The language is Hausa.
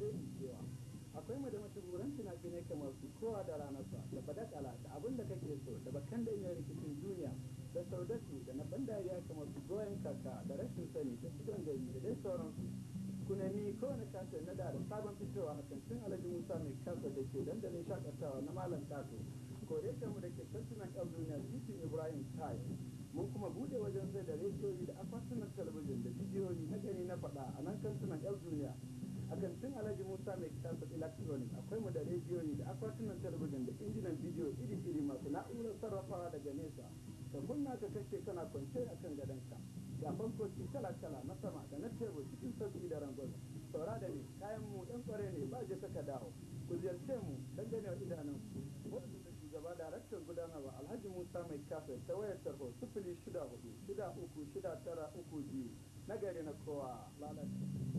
alheri cewa akwai mu da mashahuran fina ne kamar su kowa da ranarsa da badakala da abin da kake so da bakan da yin rikicin duniya da saudatu da na ban dariya kamar su goyon kaka da rashin sani da cikin gari da dai sauransu kunani kowane kasar na da sabon fitowa a kantin alhaji musa mai kasa da ke dandalin shakatawa na malam kato kodayake mu da ke kantinan yan duniya titin ibrahim tayo mun kuma bude wajen sai da rediyoyi da sa mai kitabun electronic akwai mu da rediyoyi da akwatunan talabijin da injinan bidiyo iri-iri masu na'urar sarrafawa daga nesa ka kunna ka kashe kana kwance a kan gadonka ga fankoki kala-kala na sama da na tebur cikin sauki da rangon saura da ne kayan mu yan kware ne ba je ka dawo ku ziyarce mu dan wa idanun ku gaba daraktan gudanarwa alhaji musa mai kafe ta wayar tarho sifili shida hudu shida uku shida tara uku biyu na gari na kowa lalace